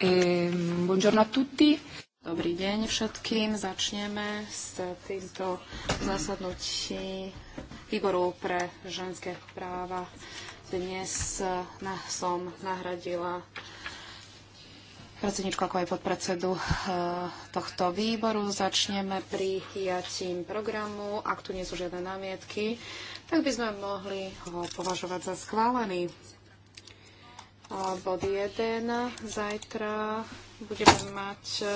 Buongiorno a tutti. Dobrý deň všetkým. Začneme s týmto zasadnutí výboru pre ženské práva. Dnes na, som nahradila predsedničku ako aj podpredsedu eh, tohto výboru. Začneme prijatím programu. Ak tu nie sú žiadne námietky, tak by sme mohli ho považovať za schválený bod 1. Zajtra budeme mať eh,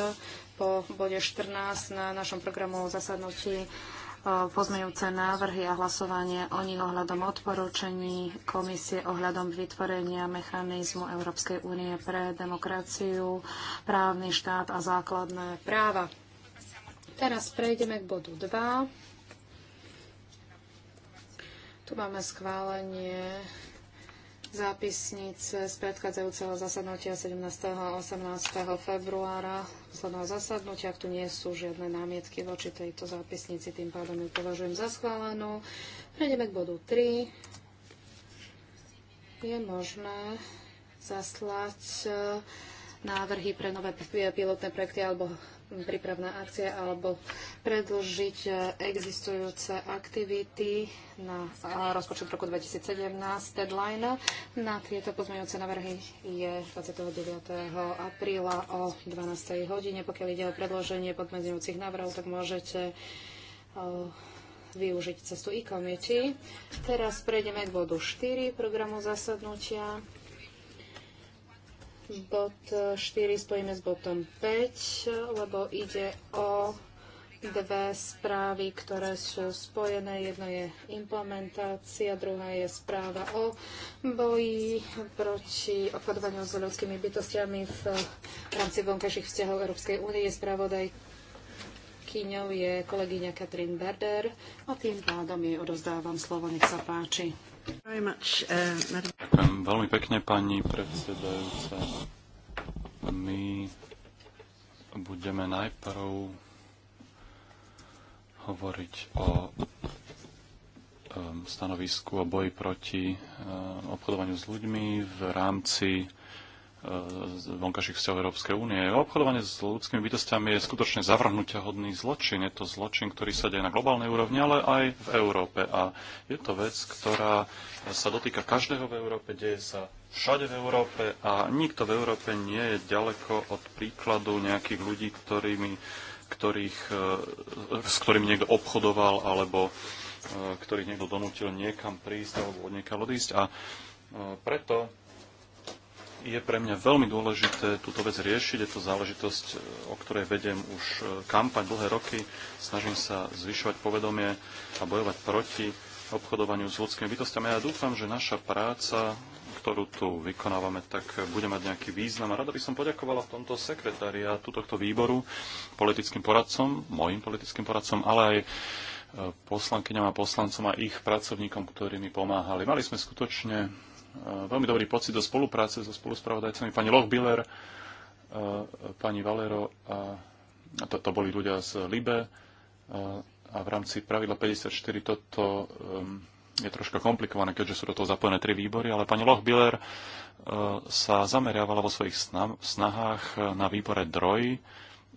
po bode 14 na našom programu zasadnutí eh, pozmeňujúce návrhy a hlasovanie o nich ohľadom odporúčení komisie ohľadom vytvorenia mechanizmu Európskej únie pre demokraciu, právny štát a základné práva. Teraz prejdeme k bodu 2. Tu máme schválenie zápisnice z predchádzajúceho zasadnutia 17. a 18. februára posledného zasadnutia. Ak tu nie sú žiadne námietky voči tejto zápisnici, tým pádom ju považujem za schválenú. Prejdeme k bodu 3. Je možné zaslať eh, návrhy pre nové pilotné projekty alebo prípravné akcie alebo predlžiť e, existujúce aktivity na rozpočet roku 2017. Deadline na tieto pozmeňujúce navrhy je 29. apríla o 12. hodine. Pokiaľ ide o predloženie podmedzujúcich návrhov, tak môžete e, využiť cestu e-committee. Teraz prejdeme k bodu 4 programu zasadnutia. Bod 4 e, spojíme s bodom 5, lebo ide o dve správy, ktoré sú spojené. Jedno je implementácia, druhá je správa o boji proti obchodovaniu s ľudskými bytostiami v rámci vonkajších vzťahov Európskej únie. spravodaj Kyňou je kolegyňa Katrin Berder a tým pádom jej odovzdávam slovo. Nech sa páči. Uh, veľmi pekne, pani predsedajúca. My budeme najprv hovoriť o um, stanovisku o boji proti um, obchodovaniu s ľuďmi v rámci vonkajších vzťahov Európskej únie. Obchodovanie s ľudskými bytostiami je skutočne zavrhnutia hodný zločin. Je to zločin, ktorý sa deje na globálnej úrovni, ale aj v Európe. A je to vec, ktorá sa dotýka každého v Európe, deje sa všade v Európe a nikto v Európe nie je ďaleko od príkladu nejakých ľudí, ktorými, ktorých, e, s ktorými niekto obchodoval alebo e, ktorých niekto donútil niekam prísť alebo od odísť. A e, preto je pre mňa veľmi dôležité túto vec riešiť. Je to záležitosť, e, o ktorej vedem už e, kampaň dlhé roky. Snažím sa zvyšovať povedomie a bojovať proti obchodovaniu s ľudskými bytostiami. Ja dúfam, že naša práca, ktorú tu vykonávame, tak bude mať nejaký význam. A rada by som poďakovala v tomto sekretária tohto výboru politickým poradcom, mojim politickým poradcom, ale aj e, poslankyňam a poslancom a ich pracovníkom, ktorí mi pomáhali. Mali sme skutočne Eh, veľmi dobrý pocit do spolupráce so spoluspravodajcami, pani Lochbiller, eh, pani Valero a, to, to boli ľudia z Libe eh, a v rámci pravidla 54 toto ehm, je troška komplikované, keďže sú do toho zapojené tri výbory, ale pani Lochbiller sa zameriavala vo svojich snahách na výbore DROJ,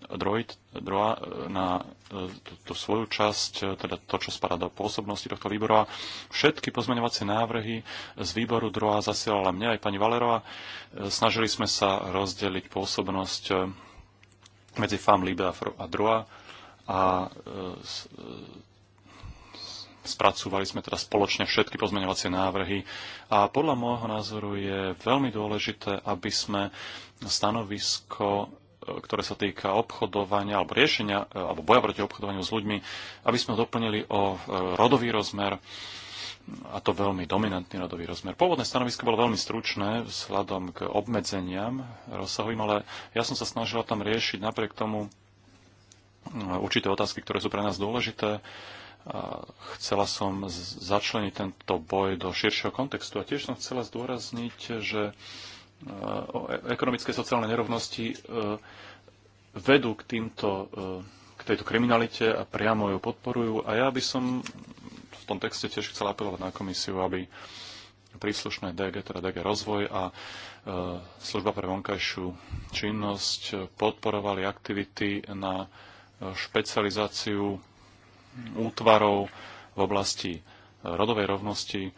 Droid, droa e, na e, tú svoju časť, e, teda to, čo spadá do pôsobnosti tohto výboru. A všetky pozmeňovacie návrhy z výboru droa zasielala mňa aj pani Valerová. Snažili sme sa rozdeliť pôsobnosť medzi FAM, LIBE a droa a spracúvali sme teda spoločne všetky pozmeňovacie návrhy a podľa môjho názoru je veľmi dôležité, aby sme stanovisko ktoré sa týka obchodovania alebo riešenia e, alebo boja proti obchodovaniu s ľuďmi, aby sme ho doplnili o e, rodový rozmer a to veľmi dominantný rodový rozmer. Pôvodné stanovisko bolo veľmi stručné vzhľadom k obmedzeniam rozsahovým, ale ja som sa snažila tam riešiť napriek tomu e, určité otázky, ktoré sú pre nás dôležité. Chcela som začleniť tento boj do širšieho kontextu a tiež som chcela zdôrazniť, že Eh, e- ekonomické sociálne nerovnosti eh, vedú k, týmto, eh, k tejto kriminalite a priamo ju podporujú. A ja by som v tom texte tiež chcel apelovať na komisiu, aby príslušné DG, teda DG Rozvoj a služba pre vonkajšiu činnosť podporovali aktivity na špecializáciu útvarov v oblasti rodovej rovnosti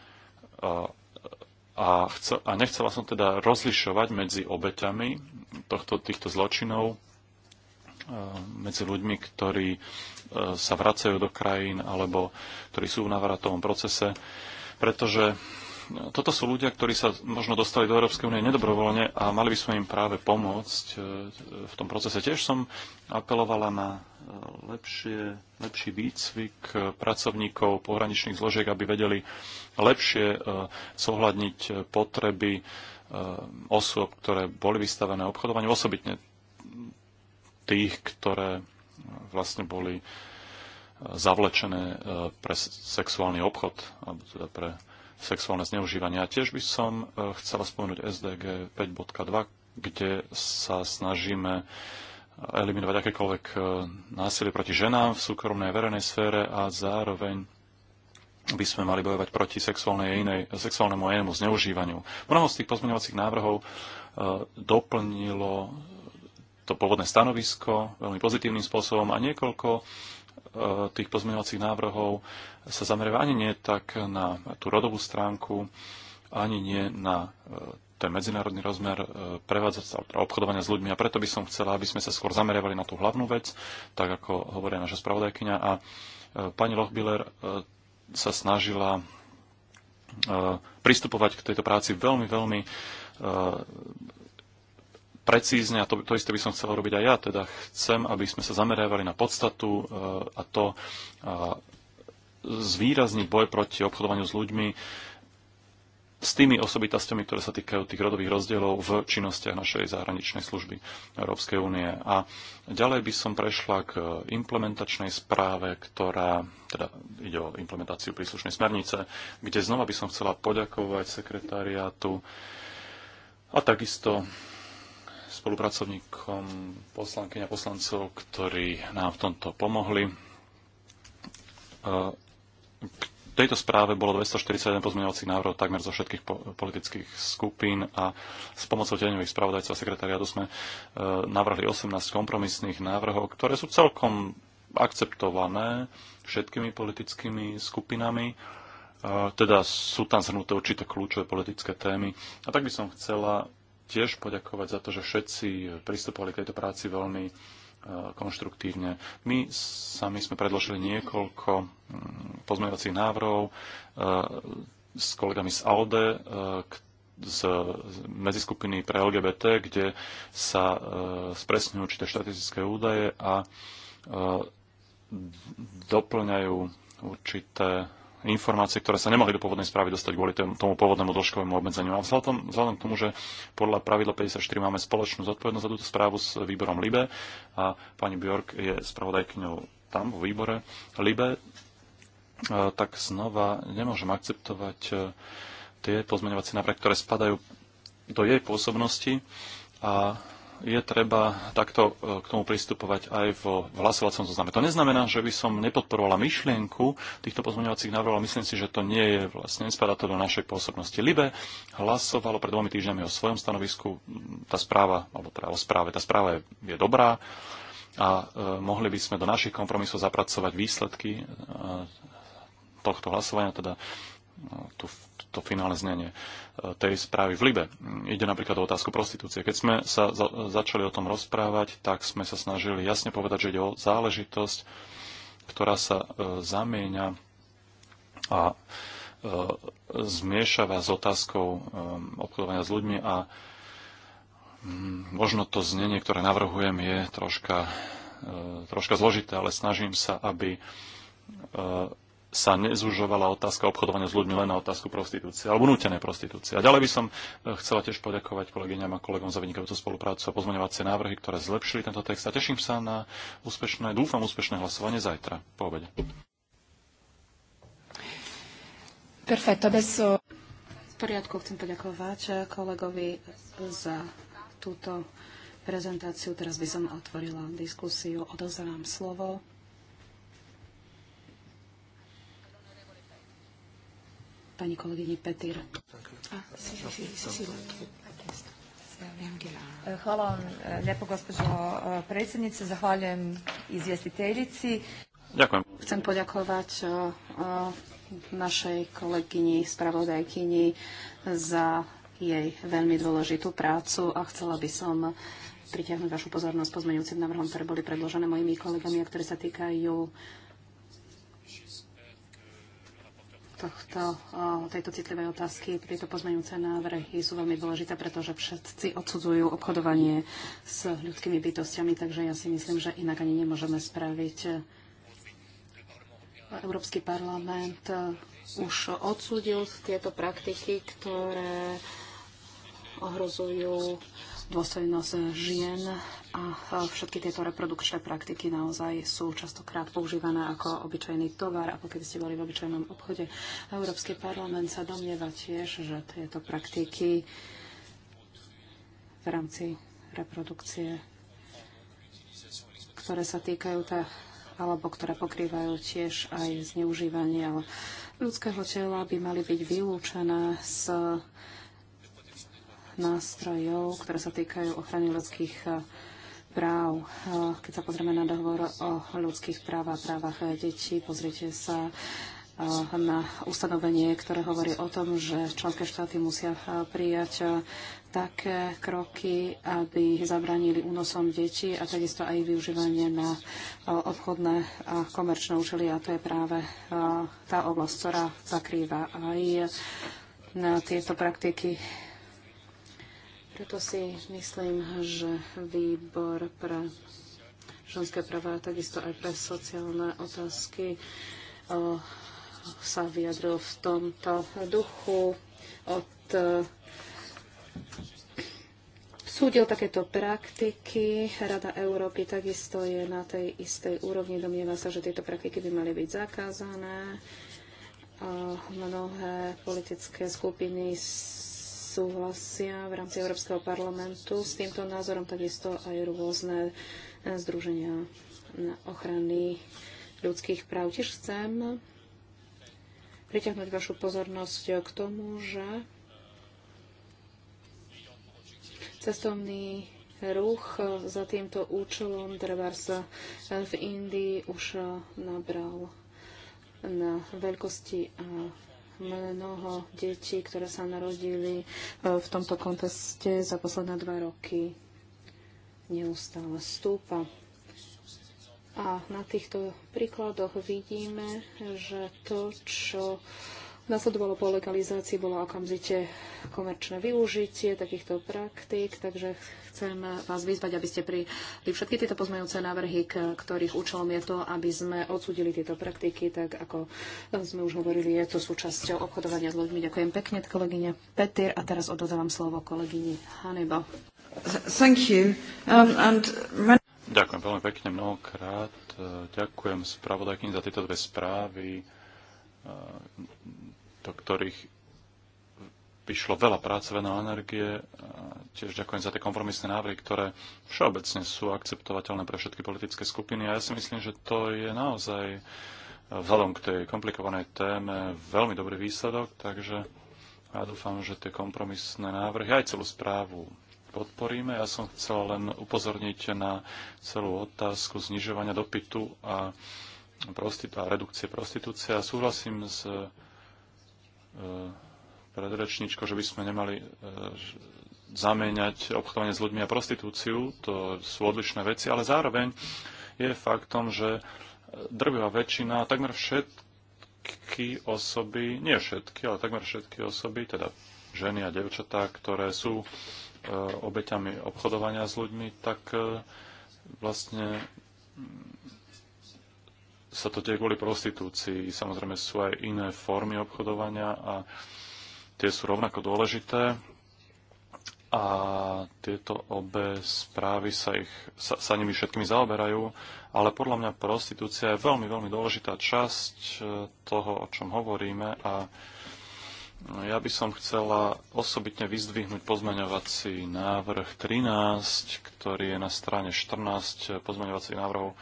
a, chcel, a nechcela som teda rozlišovať medzi obeťami tohto, týchto zločinov, e, medzi ľuďmi, ktorí e, sa vracajú do krajín alebo ktorí sú v návratovom procese, pretože toto sú ľudia, ktorí sa možno dostali do Európskej únie nedobrovoľne a mali by sme im práve pomôcť e, v tom procese. Tiež som apelovala na e, lepšie, lepší výcvik e, pracovníkov pohraničných zložiek, aby vedeli lepšie zohľadniť potreby osôb, ktoré boli vystavené obchodovaniu, osobitne tých, ktoré vlastne boli zavlečené pre sexuálny obchod, alebo teda pre sexuálne zneužívanie. A tiež by som e, chcela spomenúť SDG 5.2, kde sa snažíme eliminovať akékoľvek e, násilie proti ženám v súkromnej a verejnej sfére a zároveň by sme mali bojovať proti sexuálnej inej, sexuálnemu a inému zneužívaniu. Mnoho z tých pozmeňovacích návrhov e, doplnilo to pôvodné stanovisko veľmi pozitívnym spôsobom a niekoľko E, tých pozmeňovacích návrhov sa zameriava ani nie tak na tú rodovú stránku, ani nie na e, ten medzinárodný rozmer e, prevádzať alebo teda obchodovania s ľuďmi. A preto by som chcela, aby sme sa skôr zameriavali na tú hlavnú vec, tak ako hovorí naša spravodajkynia. A pani Lochbiller sa snažila pristupovať k tejto práci veľmi, veľmi precízne, a to, to isté by som chcel robiť aj ja, teda chcem, aby sme sa zamerávali na podstatu eh, a to a eh, zvýrazniť boj proti obchodovaniu s ľuďmi s tými osobitostiami, ktoré sa týkajú tých rodových rozdielov v činnostiach našej zahraničnej služby Európskej únie. A ďalej by som prešla k implementačnej správe, ktorá teda ide o implementáciu príslušnej smernice, kde znova by som chcela poďakovať sekretariátu a takisto spolupracovníkom poslankyň a poslancov, ktorí nám v tomto pomohli. E, k tejto správe bolo 241 pozmeňovacích návrhov takmer zo všetkých politických skupín a s pomocou tieňových spravodajcov a sekretariátu sme e, navrhli 18 kompromisných návrhov, ktoré sú celkom akceptované všetkými politickými skupinami e, teda sú tam zhrnuté určité kľúčové politické témy. A tak by som chcela tiež poďakovať za to, že všetci pristupovali k tejto práci veľmi e, konštruktívne. My sami sme predložili niekoľko pozmeňovacích návrhov e, s kolegami z ALDE, e, z medziskupiny pre LGBT, kde sa spresňujú určité štatistické údaje a doplňajú určité informácie, ktoré sa nemohli do pôvodnej správy dostať kvôli tomu pôvodnému dĺžkovému obmedzeniu. A vzhľadom, vzhľadom k tomu, že podľa pravidla 54 máme spoločnú zodpovednosť za túto správu s výborom LIBE a pani Bjork je spravodajkňou tam vo výbore LIBE, e, tak znova nemôžem akceptovať e, tie pozmeňovacie návrhy, ktoré spadajú do jej pôsobnosti a je treba takto e, k tomu pristupovať aj vo hlasovacom zozname. To neznamená, že by som nepodporovala myšlienku týchto pozmeňovacích návrhov, ale myslím si, že to nie je vlastne, nespadá to do našej pôsobnosti. Libe hlasovalo pred dvomi týždňami o svojom stanovisku, tá správa, alebo teda o správe, tá správa je, je dobrá a e, mohli by sme do našich kompromisov zapracovať výsledky e, tohto hlasovania, teda tú, to finálne znenie e, tej správy v Libe. Ide napríklad o otázku prostitúcie. Keď sme sa za, začali o tom rozprávať, tak sme sa snažili jasne povedať, že ide o záležitosť, ktorá sa e, zamieňa a e, zmiešava s otázkou e, obchodovania s ľuďmi a m, mm, možno to znenie, ktoré navrhujem, je troška, e, troška zložité, ale snažím sa, aby e, sa nezužovala otázka obchodovania s ľuďmi len na otázku prostitúcie alebo nútené prostitúcie. A ďalej by som e, chcela tiež poďakovať kolegyňam a kolegom za vynikajúcu spoluprácu a pozmeňovacie návrhy, ktoré zlepšili tento text a teším sa na úspešné, dúfam úspešné hlasovanie zajtra po obede. Perfetto, adesso... V poriadku, chcem poďakovať kolegovi za túto prezentáciu. Teraz by som otvorila diskusiu. Odozerám slovo pani kolegyni Petir. Hvala vam eh, lijepo, gospođo eh, predsjednice. Zahvaljujem izvjestiteljici. Ďakujem. Chcem poďakovať eh, našej kolegyni, spravodajkyni za jej veľmi dôležitú prácu a chcela by som pritiahnuť vašu pozornosť pozmeňujúcim návrhom, ktoré boli predložené mojimi kolegami a ktoré sa týkajú tohto, tejto citlivej otázky. Tieto pozmeňujúce návrhy sú veľmi dôležité, pretože všetci odsudzujú obchodovanie s ľudskými bytostiami, takže ja si myslím, že inak ani nemôžeme spraviť. Európsky parlament e, už odsudil tieto praktiky, ktoré ohrozujú dôstojnosť žien a všetky tieto reprodukčné praktiky naozaj sú častokrát používané ako obyčajný tovar, ako keby ste boli v obyčajnom obchode. Európsky parlament sa domnieva tiež, že tieto praktiky v rámci reprodukcie, ktoré sa týkajú tá, alebo ktoré pokrývajú tiež aj zneužívanie ľudského tela, by mali byť vylúčené z nástrojov, ktoré sa týkajú ochrany ľudských eh, práv. Eh, keď sa pozrieme na dohovor o ľudských práv a právach detí, pozrite sa eh, na ustanovenie, ktoré hovorí o tom, že členské štáty musia prijať také kroky, aby zabránili únosom detí a takisto aj využívanie na obchodné a komerčné účely. A to je práve tá oblasť, ktorá zakrýva aj na tieto praktiky preto si myslím, že výbor pre ženské práva a takisto aj pre sociálne otázky eh, sa vyjadril v tomto duchu od eh, súdil takéto praktiky. Rada Európy takisto je na tej istej úrovni. Domnieva sa, že tieto praktiky by mali byť zakázané. Mnohé politické skupiny súhlasia v rámci Európskeho parlamentu s týmto názorom, takisto aj rôzne eh, združenia ochrany ľudských práv. Tiež chcem priťahnuť vašu pozornosť k tomu, že cestovný ruch za týmto účelom Drevarsa teda eh, v Indii už eh, nabral na veľkosti a mnoho detí, ktoré sa narodili e, v tomto konteste za posledné dva roky, neustále stúpa. A na týchto príkladoch vidíme, že to, čo Nasledovalo po legalizácii, bolo okamžite komerčné využitie takýchto praktík, takže chcem vás vyzvať, aby ste pri všetky tieto pozmejúce návrhy, k ktorých účelom je to, aby sme odsudili tieto praktiky, tak ako sme už hovorili, je to súčasťou obchodovania s ľuďmi. Ďakujem pekne, kolegyne Petir, a teraz odozávam slovo kolegyni Hanebo. Thank you. Um, and... Ďakujem veľmi pekne mnohokrát. Ďakujem spravodajkým za tieto dve správy do ktorých vyšlo veľa práce, veľa energie. Tiež ďakujem za tie kompromisné návrhy, ktoré všeobecne sú akceptovateľné pre všetky politické skupiny. A ja si myslím, že to je naozaj vzhľadom k tej komplikovanej téme veľmi dobrý výsledok, takže ja dúfam, že tie kompromisné návrhy aj celú správu podporíme. Ja som chcel len upozorniť na celú otázku znižovania dopytu a, a redukcie prostitúcie. a súhlasím s E, predrečničko, že by sme nemali e, zamieňať obchodovanie s ľuďmi a prostitúciu. To sú odlišné veci, ale zároveň je faktom, že drvivá väčšina, takmer všetky osoby, nie všetky, ale takmer všetky osoby, teda ženy a devčatá, ktoré sú e, obeťami obchodovania s ľuďmi, tak vlastne sa to deje kvôli prostitúcii. Samozrejme sú aj iné formy obchodovania a tie sú rovnako dôležité. A tieto obe správy sa, ich, sa, sa nimi všetkými zaoberajú, ale podľa mňa prostitúcia je veľmi, veľmi dôležitá časť e, toho, o čom hovoríme a no, ja by som chcela osobitne vyzdvihnúť pozmeňovací návrh 13, ktorý je na strane 14 pozmeňovacích návrhov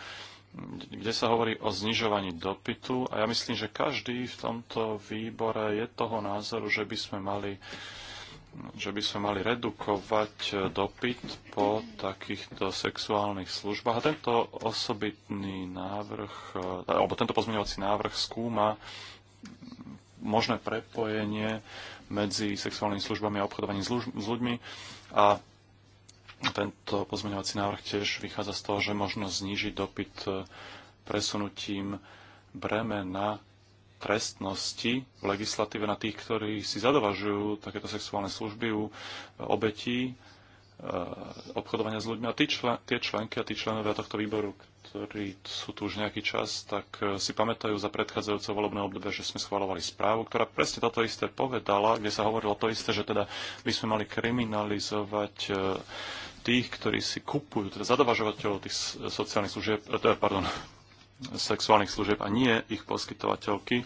kde sa hovorí o znižovaní dopytu a ja myslím, že každý v tomto výbore je toho názoru, že by sme mali že by sme mali redukovať dopyt po takýchto sexuálnych službách. A tento osobitný návrh, alebo tento pozmeňovací návrh skúma možné prepojenie medzi sexuálnymi službami a obchodovaním s ľuďmi a tento pozmeňovací návrh tiež vychádza z toho, že možno znížiť dopyt e, presunutím bremena trestnosti v legislatíve na tých, ktorí si zadovažujú takéto sexuálne služby u e, obetí e, obchodovania s ľuďmi. A tí člen, tie členky a tí členovia tohto výboru, ktorí sú tu už nejaký čas, tak eh, si pamätajú za predchádzajúce volebné obdobie, že sme schválovali správu, ktorá presne toto isté povedala, kde sa hovorilo to isté, že teda by sme mali kriminalizovať eh, tých, ktorí si kupujú, teda zadovažovateľov tých sociálnych služieb, eh, teda, pardon, sexuálnych služieb a nie ich poskytovateľky.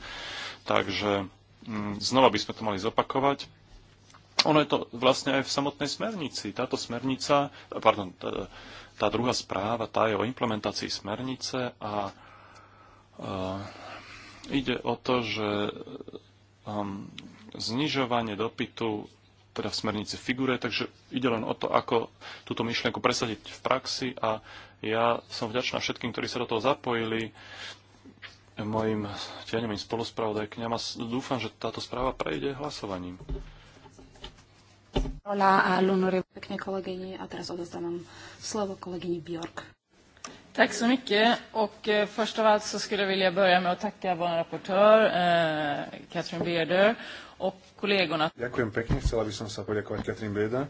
Takže mm, znova by sme to mali zopakovať. Ono je to vlastne aj v samotnej smernici. Táto smernica, pardon, tá druhá správa, tá je o implementácii smernice a e, ide o to, že e, um, znižovanie dopytu teda v smernici figure, takže ide len o to, ako túto myšlienku presadiť v praxi a ja som vďačná všetkým, ktorí sa do toho zapojili, mojim tieňovým spoluspravodajkňam a dúfam, že táto správa prejde hlasovaním. Pekne kolegyni a teraz odozdávam slovo kolegyni Bjork. Tack så mycket. Och eh, först av allt så skulle jag vilja börja med att tacka vår rapportör eh, Katrin Beder och kollegorna. Ďakujem pekne, chcela by som sa poďakovať Katrin Beder,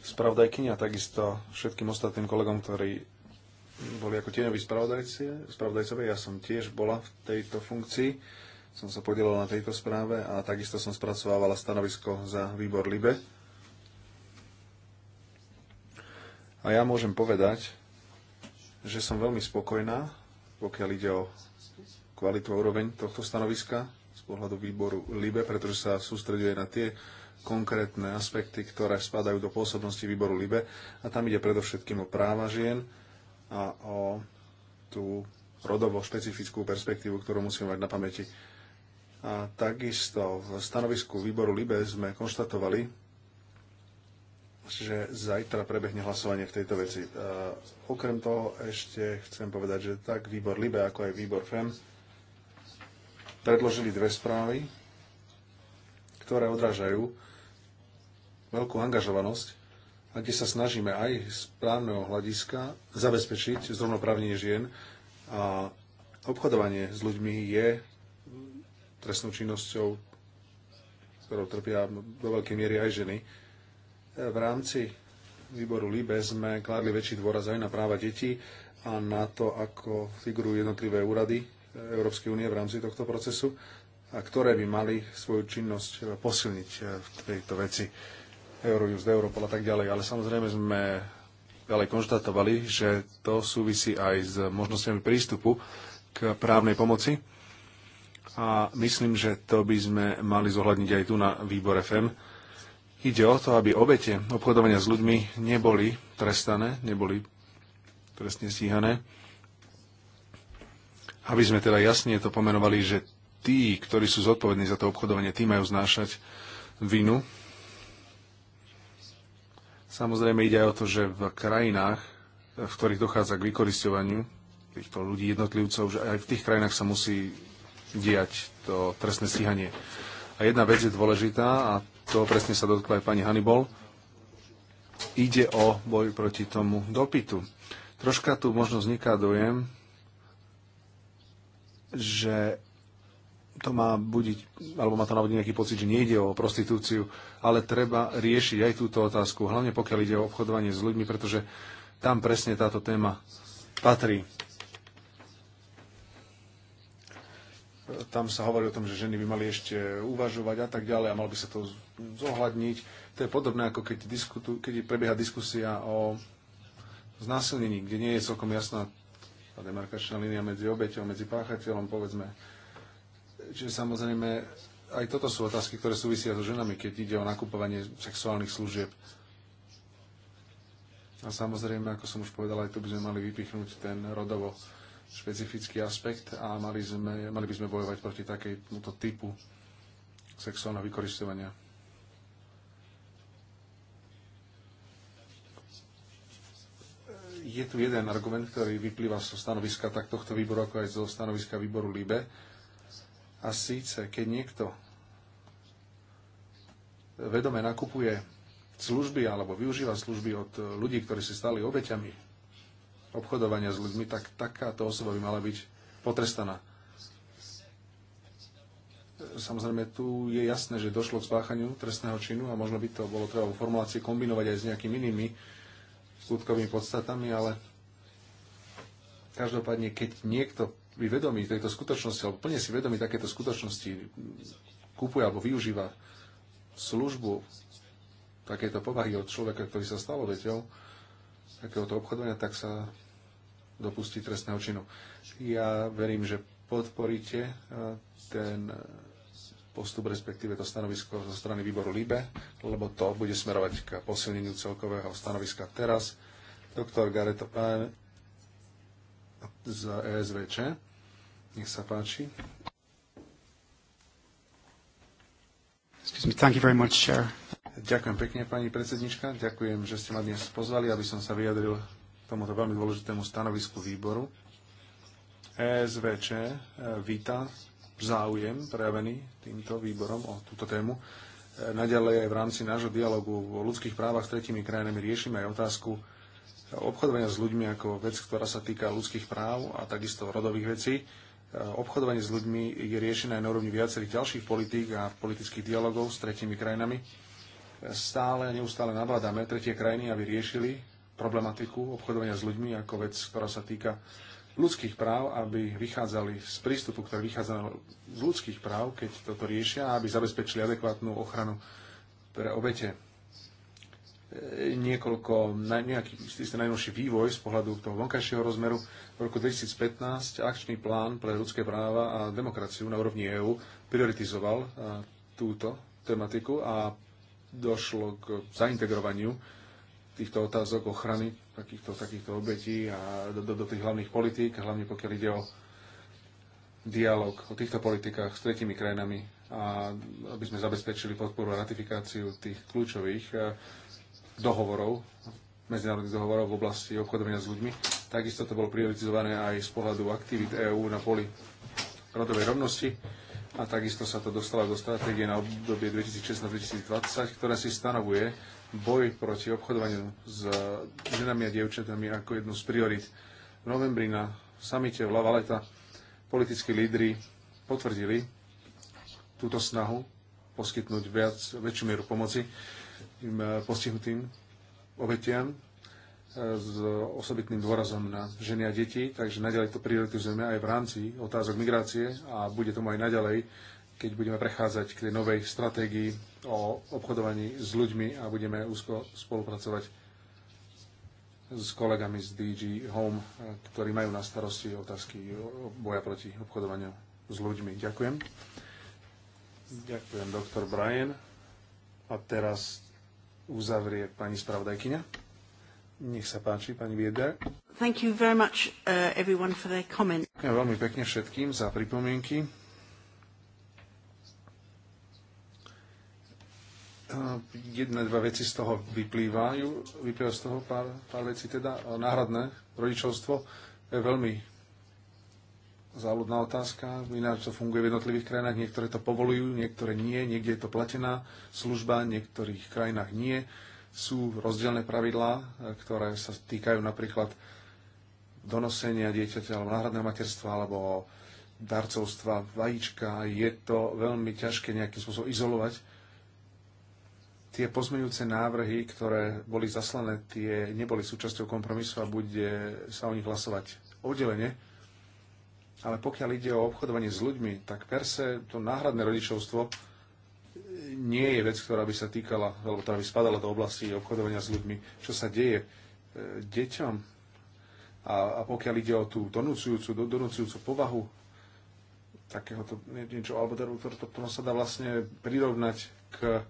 spravodajkyni a takisto všetkým ostatným kolegom, ktorí boli ako tieňoví spravodajcovia. Ja som tiež bola v tejto funkcii, som sa podielala na tejto správe a takisto som spracovávala stanovisko za výbor LIBE A ja môžem povedať, že som veľmi spokojná, pokiaľ ide o kvalitu a úroveň tohto stanoviska z pohľadu výboru LIBE, pretože sa sústreduje na tie konkrétne aspekty, ktoré spadajú do pôsobnosti výboru LIBE a tam ide predovšetkým o práva žien a o tú rodovo špecifickú perspektívu, ktorú musíme mať na pamäti. A takisto v stanovisku výboru LIBE sme konštatovali, že zajtra prebehne hlasovanie v tejto veci. E, okrem toho ešte chcem povedať, že tak výbor LIBE, ako aj výbor FEM predložili dve správy, ktoré odrážajú veľkú angažovanosť a kde sa snažíme aj z právneho hľadiska zabezpečiť zrovnoprávnenie žien a obchodovanie s ľuďmi je trestnou činnosťou, ktorou trpia do veľkej miery aj ženy v rámci výboru LIBE sme kladli väčší dôraz aj na práva detí a na to, ako figurujú jednotlivé úrady Európskej únie v rámci tohto procesu a ktoré by mali svoju činnosť posilniť v tejto veci Eurojust, Europol a tak ďalej. Ale samozrejme sme ďalej konštatovali, že to súvisí aj s možnosťami prístupu k právnej pomoci. A myslím, že to by sme mali zohľadniť aj tu na výbor FM Ide o to, aby obete obchodovania s ľuďmi neboli trestané, neboli trestne stíhané. Aby sme teda jasne to pomenovali, že tí, ktorí sú zodpovední za to obchodovanie, tí majú znášať vinu. Samozrejme ide aj o to, že v krajinách, v ktorých dochádza k vykoristovaniu týchto ľudí, jednotlivcov, že aj v tých krajinách sa musí diať to trestné stíhanie. A jedna vec je dôležitá a toho presne sa dotkla aj pani Hannibal, ide o boj proti tomu dopytu. Troška tu možno vzniká dojem, že to má budiť, alebo má to navodiť nejaký pocit, že nejde o prostitúciu, ale treba riešiť aj túto otázku, hlavne pokiaľ ide o obchodovanie s ľuďmi, pretože tam presne táto téma patrí. Tam sa hovorí o tom, že ženy by mali ešte uvažovať a tak ďalej a mal by sa to zohľadniť. To je podobné, ako keď, diskutu, keď prebieha diskusia o znásilnení, kde nie je celkom jasná tá demarkačná línia medzi obeťou, medzi páchateľom, povedzme. Čiže samozrejme, aj toto sú otázky, ktoré súvisia so ženami, keď ide o nakupovanie sexuálnych služieb. A samozrejme, ako som už povedal, aj tu by sme mali vypichnúť ten rodovo špecifický aspekt a mali, sme, mali by sme bojovať proti takémuto typu sexuálneho vykoristovania. Je tu jeden argument, ktorý vyplýva zo stanoviska tak tohto výboru, ako aj zo stanoviska výboru LIBE. A síce, keď niekto vedome nakupuje služby alebo využíva služby od ľudí, ktorí si stali obeťami obchodovania s ľuďmi, tak takáto osoba by mala byť potrestaná. Samozrejme, tu je jasné, že došlo k spáchaniu trestného činu a možno by to bolo treba vo formulácii kombinovať aj s nejakými inými skutkovými podstatami, ale každopádne, keď niekto by vedomý tejto skutočnosti, alebo plne si vedomý takéto skutočnosti, kúpuje alebo využíva službu takéto povahy od človeka, ktorý sa stal obeťou, takéhoto obchodovania, tak sa dopustí trestného činu. Ja verím, že podporíte e, ten postup, respektíve to stanovisko zo strany výboru LIBE, lebo to bude smerovať k posilneniu celkového stanoviska teraz. Doktor Gareto Pán z ESVČ, nech sa páči. Excuse me, thank you very much, Chair. Ďakujem pekne, pani predsednička. Ďakujem, že ste ma dnes pozvali, aby som sa vyjadril tomuto veľmi dôležitému stanovisku výboru. ESVČ e, víta záujem prejavený týmto výborom o túto tému. E, naďalej aj v rámci nášho dialogu o ľudských právach s tretími krajinami riešime aj otázku obchodovania s ľuďmi ako vec, ktorá sa týka ľudských práv a takisto rodových vecí. E, obchodovanie s ľuďmi je riešené aj na úrovni viacerých ďalších politík a politických dialogov s tretími krajinami stále a neustále nabádame tretie krajiny, aby riešili problematiku obchodovania s ľuďmi ako vec, ktorá sa týka ľudských práv, aby vychádzali z prístupu, ktorý vychádza z ľudských práv, keď toto riešia, aby zabezpečili adekvátnu ochranu pre obete. E, niekoľko, nejaký istý najnovší vývoj z pohľadu toho vonkajšieho rozmeru. V roku 2015 akčný plán pre ľudské práva a demokraciu na úrovni EÚ prioritizoval e, túto tematiku a došlo k zaintegrovaniu týchto otázok ochrany takýchto, takýchto obetí a do, do, do tých hlavných politík, hlavne pokiaľ ide o dialog o týchto politikách s tretimi krajinami a aby sme zabezpečili podporu a ratifikáciu tých kľúčových eh, dohovorov, medzinárodných dohovorov v oblasti obchodovania s ľuďmi. Takisto to bolo prioritizované aj z pohľadu aktivít EÚ na poli rodovej rovnosti a takisto sa to dostalo do stratégie na obdobie 2016-2020, ktorá si stanovuje boj proti obchodovaniu s ženami a dievčatami ako jednu z priorit. V novembri na samite v Lavaleta politickí lídry potvrdili túto snahu poskytnúť viac, väčšiu mieru pomoci eh, postihnutým obetiam s osobitným dôrazom na ženy a deti, takže naďalej to prioritizujeme aj v rámci otázok migrácie a bude tomu aj naďalej, keď budeme prechádzať k tej novej stratégii o obchodovaní s ľuďmi a budeme úzko spolupracovať s kolegami z DG Home, ktorí majú na starosti otázky boja proti obchodovaniu s ľuďmi. Ďakujem. Ďakujem, doktor Brian. A teraz uzavrie pani spravodajkyňa. Nech sa páči, pani Bieda. Thank you very much, uh, everyone for their comments. Ďakujem veľmi pekne všetkým za pripomienky. Uh, jedna, dva veci z toho vyplývajú. Vyplýva z toho pár, pár vecí, teda uh, náhradné rodičovstvo je veľmi záľudná otázka. Ináč to funguje v jednotlivých krajinách. Niektoré to povolujú, niektoré nie. Niekde je to platená služba, v niektorých krajinách nie sú rozdielne pravidlá, e, ktoré sa týkajú napríklad donosenia dieťaťa alebo náhradného materstva alebo darcovstva, vajíčka. Je to veľmi ťažké nejakým spôsobom izolovať. Tie pozmeňujúce návrhy, ktoré boli zaslané, tie neboli súčasťou kompromisu a bude sa o nich hlasovať oddelenie. Ale pokiaľ ide o obchodovanie s ľuďmi, tak perse to náhradné rodičovstvo nie je vec, ktorá by sa týkala, alebo ktorá by spadala do oblasti obchodovania s ľuďmi, čo sa deje e, deťom. A, a pokiaľ ide o tú donúcujúcu, donúcujúcu povahu takéhoto niečo, alebo teda, to, to, to sa dá vlastne prirovnať k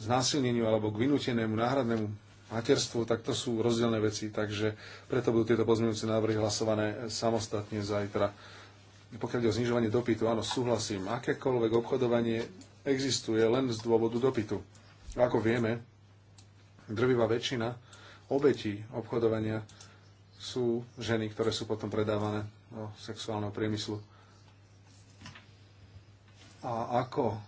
znásilneniu alebo k vynútenému náhradnému materstvu, tak to sú rozdielne veci, takže preto budú tieto pozmeňujúce návrhy hlasované samostatne zajtra. Pokiaľ ide o znižovanie dopytu, áno, súhlasím. Akékoľvek obchodovanie existuje len z dôvodu dopytu. Ako vieme, drvivá väčšina obetí obchodovania sú ženy, ktoré sú potom predávané do sexuálneho priemyslu. A ako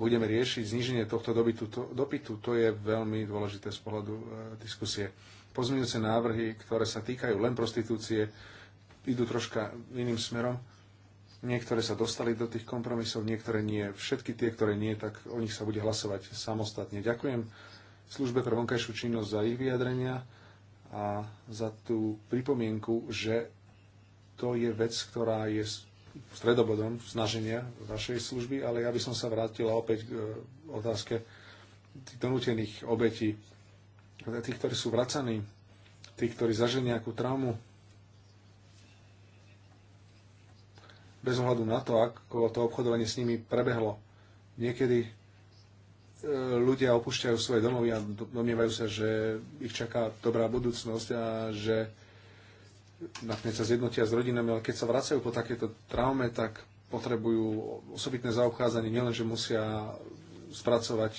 budeme riešiť zníženie tohto dobytu, to, dopytu, to je veľmi dôležité z pohľadu e, diskusie. Pozmeňujúce návrhy, ktoré sa týkajú len prostitúcie, idú troška iným smerom Niektoré sa dostali do tých kompromisov, niektoré nie. Všetky tie, ktoré nie, tak o nich sa bude hlasovať samostatne. Ďakujem službe pre vonkajšiu činnosť za ich vyjadrenia a za tú pripomienku, že to je vec, ktorá je stredobodom snaženia vašej služby, ale ja by som sa vrátila opäť k e, otázke tých donútených obetí, tých, ktorí sú vracaní, tých, ktorí zažili nejakú traumu, bez ohľadu na to, ako to obchodovanie s nimi prebehlo. Niekedy e, ľudia opúšťajú svoje domovy a domnievajú sa, že ich čaká dobrá budúcnosť a že nakoniec sa zjednotia s rodinami, ale keď sa vracajú po takéto traume, tak potrebujú osobitné zaobchádzanie, nielen, že musia spracovať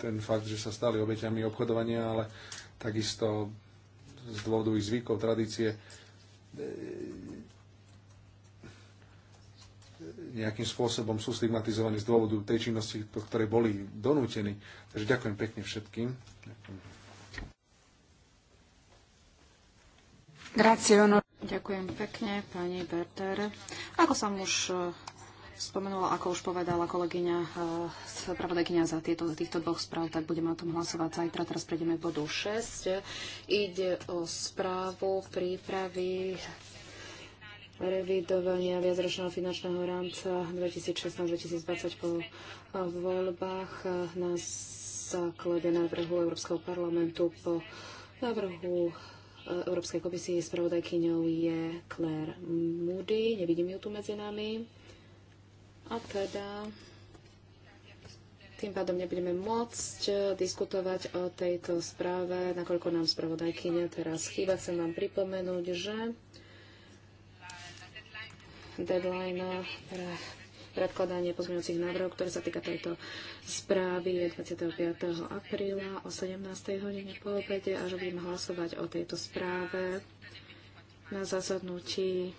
ten fakt, že sa stali obeťami obchodovania, ale takisto z dôvodu ich zvykov, tradície e, nejakým spôsobom sú stigmatizovaní z dôvodu tej činnosti, do ktorej boli donútení. Takže ďakujem pekne všetkým. Ďakujem. Grazie, ono. Ďakujem pekne, pani Berter. Ako som už e, spomenula, ako už povedala kolegyňa, e, spravodajkyňa za tieto, týchto dvoch správ, tak budeme o tom hlasovať zajtra. Teraz prejdeme k bodu 6. Ide o správu prípravy revidovania viacročného finančného rámca 2016-2020 po eh, voľbách eh, na základe návrhu Európskeho parlamentu po návrhu eh, Európskej komisie spravodajkyňou je Claire Moody. Nevidím ju tu medzi nami. A teda tým pádom nebudeme môcť diskutovať o tejto správe, nakoľko nám spravodajkyňa teraz chýba. Chcem vám pripomenúť, že deadline pre predkladanie pozmeňujúcich návrhov, ktoré sa týka tejto správy je 25. apríla o 17. hodine po obede a že budeme hlasovať o tejto správe na zasadnutí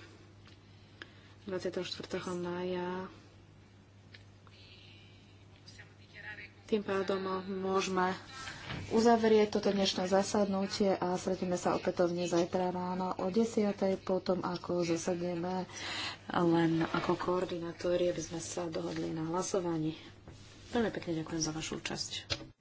24. maja. Tým pádom môžeme uzavrie toto dnešné zasadnutie a stretíme sa opätovne zajtra ráno o 10. potom, ako zasadneme len ako koordinátori, aby sme sa dohodli na hlasovaní. Veľmi pekne ďakujem za vašu účasť.